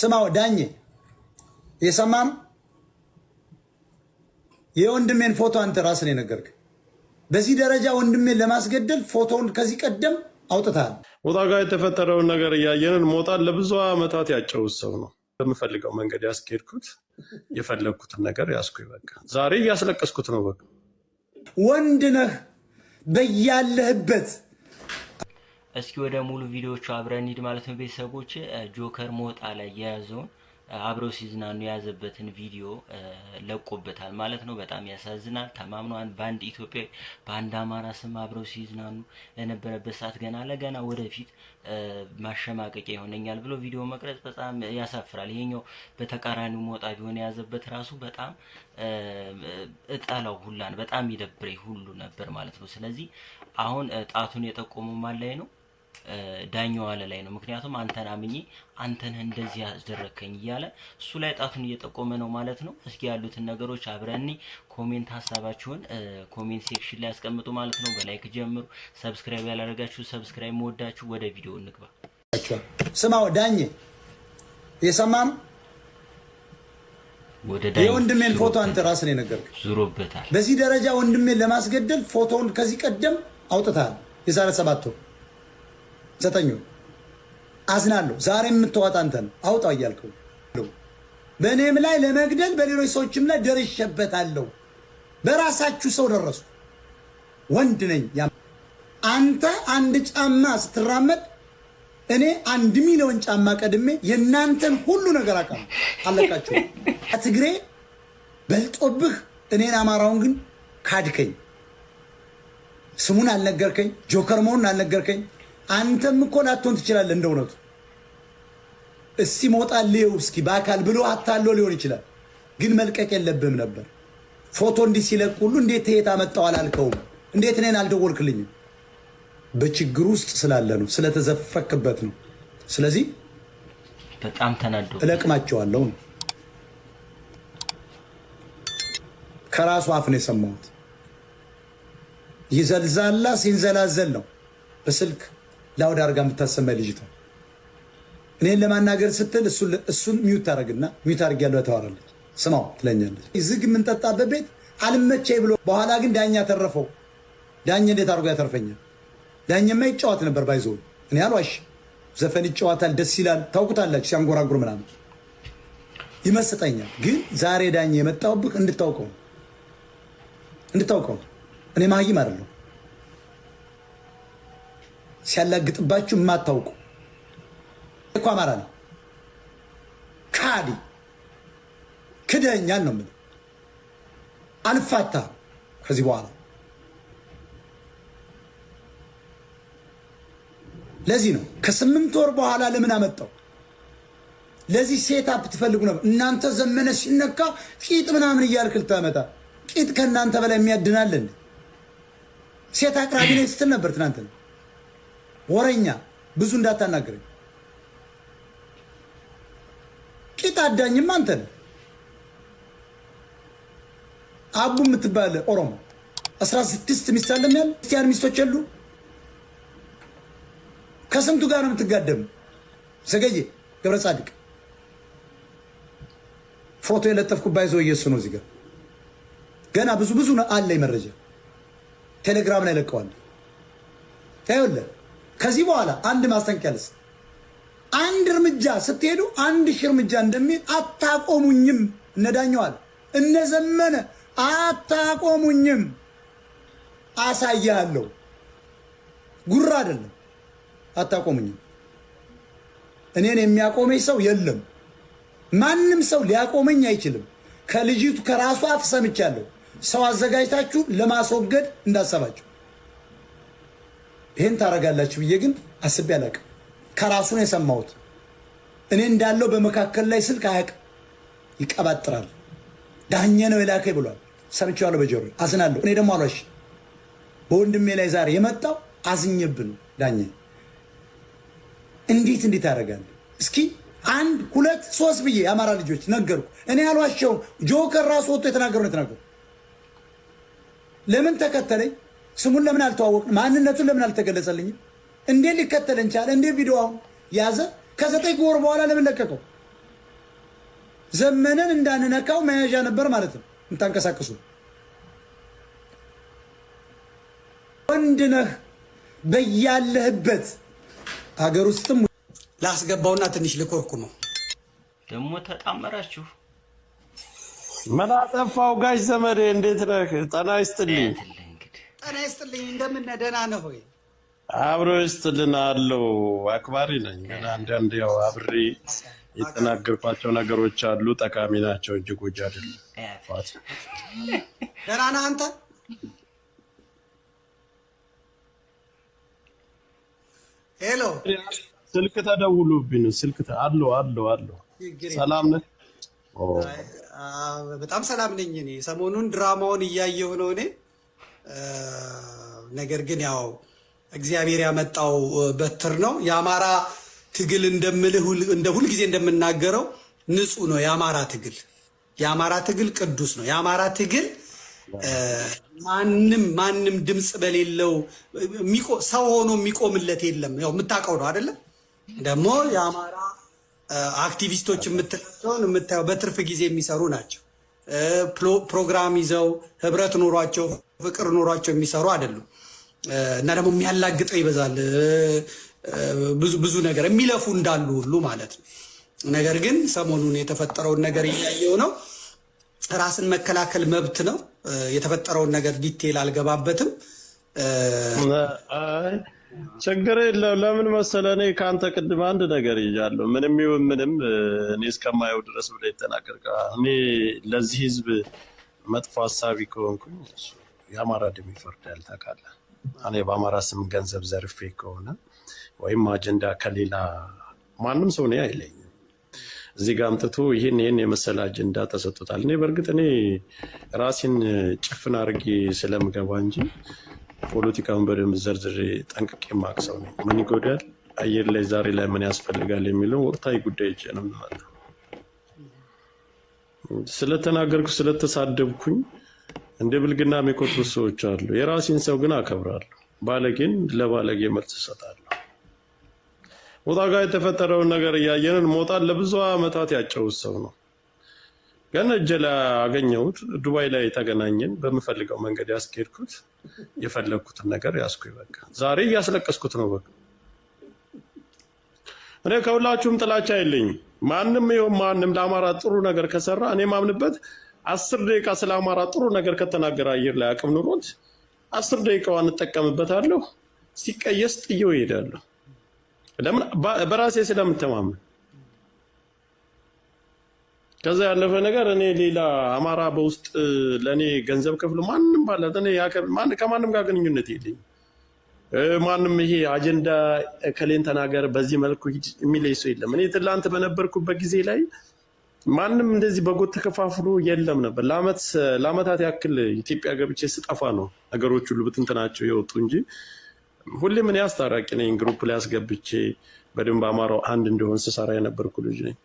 ስማው ዳኝ የሰማም የወንድሜን ፎቶ አንተ ራስ ነው የነገርክ። በዚህ ደረጃ ወንድሜን ለማስገደል ፎቶውን ከዚህ ቀደም አውጥታል። ሞጣ ጋር የተፈጠረውን ነገር እያየንን ሞጣን ለብዙ ዓመታት ያጨውት ሰው ነው። በምፈልገው መንገድ ያስኬድኩት የፈለግኩትን ነገር ያስኩ በቃ ዛሬ እያስለቀስኩት ነው። በቃ ወንድ ነህ በያለህበት እስኪ ወደ ሙሉ ቪዲዮቹ አብረን እንሂድ ማለት ነው ቤተሰቦች። ጆከር ሞጣ ላይ የያዘውን አብረው ሲዝናኑ የያዘበትን ቪዲዮ ለቆበታል ማለት ነው። በጣም ያሳዝናል። ተማምኗን በአንድ ኢትዮጵያዊ በአንድ አማራ ስም አብረው ሲዝናኑ የነበረበት ሰዓት ገና ለገና ወደፊት ማሸማቀቂያ ይሆነኛል ብሎ ቪዲዮ መቅረጽ በጣም ያሳፍራል። ይሄኛው በተቃራኒው ሞጣ ቢሆን የያዘበት ራሱ በጣም እጠላው ሁላን በጣም ይደብረኝ ሁሉ ነበር ማለት ነው። ስለዚህ አሁን ጣቱን የጠቆመው ማን ላይ ነው? ዳኛው አለ ላይ ነው። ምክንያቱም አንተን አምኜ አንተን እንደዚህ ያስደረከኝ እያለ እሱ ላይ ጣቱን እየጠቆመ ነው ማለት ነው። እስኪ ያሉትን ነገሮች አብረኒ ኮሜንት ሀሳባችሁን ኮሜንት ሴክሽን ላይ ያስቀምጡ ማለት ነው። በላይክ ጀምሩ። ሰብስክራይብ ያላደረጋችሁ ሰብስክራይብ መወዳችሁ። ወደ ቪዲዮ እንግባ። ስማው ዳኝ የሰማም የወንድሜን ፎቶ አንተ ራስ ነው የነገርከኝ። ዙሮበታል። በዚህ ደረጃ ወንድሜን ለማስገደል ፎቶውን ከዚህ ቀደም አውጥታል የዛሬ ሰባት ዘጠኝ አዝናለሁ። ዛሬ የምትዋጣ ነው። አውጣው እያልከው በእኔም ላይ ለመግደል በሌሎች ሰዎችም ላይ ደርሼበታለሁ። በራሳችሁ ሰው ደረሱ። ወንድ ነኝ። አንተ አንድ ጫማ ስትራመድ እኔ አንድ ሚሊዮን ጫማ ቀድሜ የእናንተን ሁሉ ነገር አቃ አለቃቸው ትግሬ በልጦብህ እኔን አማራውን ግን ካድከኝ። ስሙን አልነገርከኝ። ጆከር መሆኑን አልነገርከኝ። አንተም እኮ ላትሆን ትችላለህ። እንደ እውነቱ እስቲ መውጣት ልየው እስኪ በአካል ብሎ አታለው ሊሆን ይችላል፣ ግን መልቀቅ የለብህም ነበር። ፎቶ እንዲህ ሲለቅ ሁሉ እንዴት ትሄት አመጣው አላልከውም? እንዴት እኔን አልደወልክልኝም? በችግር ውስጥ ስላለ ነው፣ ስለተዘፈክበት ነው። ስለዚህ በጣም ተናዶ እለቅማቸዋለሁ ነው። ከራሱ አፍ ነው የሰማሁት። ይዘልዛላ ሲንዘላዘል ነው በስልክ ለአውድ አርጋ የምታሰማ ልጅቷ እኔን ለማናገር ስትል እሱን ሚዩት ታደረግና ሚዩት አድርግ ያለ ተዋራለች። ስማው ትለኛለች። ዝግ የምንጠጣበት ቤት አልመቼ ብሎ በኋላ ግን ዳኛ ተረፈው። ዳኛ እንዴት አድርጎ ያተርፈኛል? ዳኛማ ይጫወት ነበር ባይዞ እኔ አልዋሽ። ዘፈን ይጫወታል፣ ደስ ይላል። ታውቁታላችሁ፣ ሲያንጎራጉር ምናምን ይመስጠኛል። ግን ዛሬ ዳኛ የመጣውብህ እንድታውቀው እንድታውቀው እኔ ማህይም አይደለሁ ሲያላግጥባችሁ የማታውቁ እኮ አማራ ነው። ካዲ ክደኛል ነው ምን አልፋታ ከዚህ በኋላ ለዚህ ነው ከስምንት ወር በኋላ ለምን አመጣው? ለዚህ ሴት አፕ ትፈልጉ ነበር እናንተ። ዘመነ ሲነካ ቂጥ ምናምን እያልክ ልታመጣ ቂጥ ከእናንተ በላይ የሚያድናለን ሴት አቅራቢ ነኝ ስትል ነበር ትናንት ነው ወረኛ ብዙ እንዳታናግረኝ። ቂጥ አዳኝም አንተ ነህ። አቡ የምትባል ኦሮሞ 16 ስድስት ሚስት አለም ያለ ክርስቲያን ሚስቶች የሉ። ከስንቱ ጋር ነው የምትጋደም? ዘገየ ገብረ ጻድቅ ፎቶ የለጠፍኩባት ይዞ እየሱ ነው እዚህ ጋር ገና ብዙ ብዙ አለኝ መረጃ ቴሌግራም ላይ ለቀዋል። ይኸውልህ ከዚህ በኋላ አንድ ማስጠንቀቂያ ልስ አንድ እርምጃ ስትሄዱ አንድ ሺህ እርምጃ እንደሚል አታቆሙኝም። እነዳኘዋል እነዘመነ አታቆሙኝም። አሳያለሁ። ጉራ አይደለም። አታቆሙኝም። እኔን የሚያቆመኝ ሰው የለም። ማንም ሰው ሊያቆመኝ አይችልም። ከልጅቱ ከራሷ አፍ ሰምቻለሁ። ሰው አዘጋጅታችሁ ለማስወገድ እንዳሰባችሁ ይህን ታደርጋላችሁ ብዬ ግን አስቤ አላውቅም። ከራሱ ነው የሰማሁት። እኔ እንዳለው በመካከል ላይ ስልክ አያውቅም፣ ይቀባጥራል። ዳኘ ነው የላከኝ ብሏል። ሰምቼዋለሁ በጆሮ አዝናለሁ። እኔ ደግሞ አሏሽ በወንድሜ ላይ ዛሬ የመጣው አዝኜብን ዳኘ እንዴት እንዴት ያደርጋለሁ። እስኪ አንድ ሁለት ሶስት ብዬ የአማራ ልጆች ነገርኩ። እኔ አሏቸው ጆከር ራሱ ወጥቶ የተናገሩ ነው የተናገሩ። ለምን ተከተለኝ? ስሙን ለምን አልተዋወቅን? ማንነቱን ለምን አልተገለጸልኝም? እንዴ ሊከተለን ቻለ? እንዴ ቪዲዮ አሁን ያዘ? ከዘጠኝ ወር በኋላ ለምን ለቀቀው? ዘመነን እንዳንነካው መያዣ ነበር ማለት ነው። እንታንቀሳቀሱ ወንድ ነህ በያለህበት ሀገር ውስጥም ላስገባውና ትንሽ ነው። ደግሞ ተጣመራችሁ። ምን አጠፋው ጋሽ ዘመዴ? እንዴት ነህ? ጤና ይስጥልኝ። ጤና ይስጥልኝ። እንደምን ነህ? ደህና ነህ ሆይ? አብሮ ይስጥልን አለው። አክባሪ ነኝ። አንዳንድ ያው አብሬ የተናገርኳቸው ነገሮች አሉ፣ ጠቃሚ ናቸው እንጂ ጎጂ አይደለም። ደህና ነህ አንተ? ሄሎ፣ ስልክ ተደውሎብኝ ስልክ አለው አለው አለው። ሰላም ነህ? በጣም ሰላም ነኝ። እኔ ሰሞኑን ድራማውን እያየሁ ነው እኔ ነገር ግን ያው እግዚአብሔር ያመጣው በትር ነው። የአማራ ትግል እንደ ሁልጊዜ እንደምናገረው ንጹህ ነው። የአማራ ትግል የአማራ ትግል ቅዱስ ነው። የአማራ ትግል ማንም ማንም ድምፅ በሌለው ሰው ሆኖ የሚቆምለት የለም። ያው የምታውቀው ነው አይደለም? ደግሞ የአማራ አክቲቪስቶች የምትላቸውን የምታየው በትርፍ ጊዜ የሚሰሩ ናቸው። ፕሮግራም ይዘው ህብረት ኖሯቸው ፍቅር ኖሯቸው የሚሰሩ አይደሉም። እና ደግሞ የሚያላግጠው ይበዛል። ብዙ ብዙ ነገር የሚለፉ እንዳሉ ሁሉ ማለት ነው። ነገር ግን ሰሞኑን የተፈጠረውን ነገር እያየው ነው። ራስን መከላከል መብት ነው። የተፈጠረውን ነገር ዲቴል አልገባበትም። ችግር የለም ለምን መሰለ እኔ ከአንተ ቅድም አንድ ነገር እያለሁ ምንም ይሁን ምንም እኔ እስከማየው ድረስ ብለህ ይጠናቀርቀሃል። እኔ ለዚህ ህዝብ መጥፎ ሀሳቢ ከሆንኩኝ የአማራ ደም ይፈርዳል። ታውቃለህ፣ እኔ በአማራ ስም ገንዘብ ዘርፌ ከሆነ ወይም አጀንዳ ከሌላ ማንም ሰው እኔ አይለኝም። እዚህ ጋር አምጥቶ ይህን ይህን የመሰለ አጀንዳ ተሰጥቶታል። እኔ በእርግጥ እኔ ራሴን ጭፍን አድርጌ ስለምገባ እንጂ ፖለቲካውን በደንብ ዘርዝሬ ጠንቅቄ ማቅሰው ሰው ነኝ። ምን ይጎዳል፣ አየር ላይ ዛሬ ላይ ምን ያስፈልጋል የሚለውን ወቅታዊ ጉዳይ ይዤ ነው የምመጣው። ስለተናገርኩ ስለተሳደብኩኝ እንደ ብልግና የሚቆጥሩ ሰዎች አሉ። የራሴን ሰው ግን አከብራለሁ። ባለጌን ለባለጌ መልስ እሰጣለሁ። ሞጣ ጋር የተፈጠረውን ነገር እያየንን ሞጣን ለብዙ ዓመታት ያጨውት ሰው ነው። ግን እጀላ ላገኘሁት ዱባይ ላይ ተገናኘን በምፈልገው መንገድ ያስኬድኩት የፈለግኩትን ነገር ያስኩ በቃ ዛሬ እያስለቀስኩት ነው። በቃ እኔ ከሁላችሁም ጥላቻ የለኝም። ማንም ይሁን ማንም ለአማራ ጥሩ ነገር ከሰራ እኔ ማምንበት አስር ደቂቃ ስለ አማራ ጥሩ ነገር ከተናገረ አየር ላይ አቅም ኑሮት አስር ደቂቃዋ እንጠቀምበታለሁ ሲቀየስ ጥየው ይሄዳለሁ። ለምን? በራሴ ስለምተማመን ከዛ ያለፈ ነገር እኔ ሌላ አማራ በውስጥ ለእኔ ገንዘብ ክፍሉ ማንም ባላት ከማንም ጋር ግንኙነት የለኝ። ማንም ይሄ አጀንዳ ከሌን ተናገር በዚህ መልኩ ሂድ ሰው የለም። እኔ ትላንት በነበርኩበት ጊዜ ላይ ማንም እንደዚህ በጎጥ ተከፋፍሎ የለም ነበር። ለአመታት ያክል ኢትዮጵያ ገብቼ ስጠፋ ነው ነገሮች ሁሉ ብትንትናቸው የወጡ እንጂ ሁሌም እኔ አስታራቂ ነኝ። ግሩፕ ላይ አስገብቼ በደንብ አማራው አንድ እንደሆን ስሰራ የነበርኩ ልጅ ነኝ።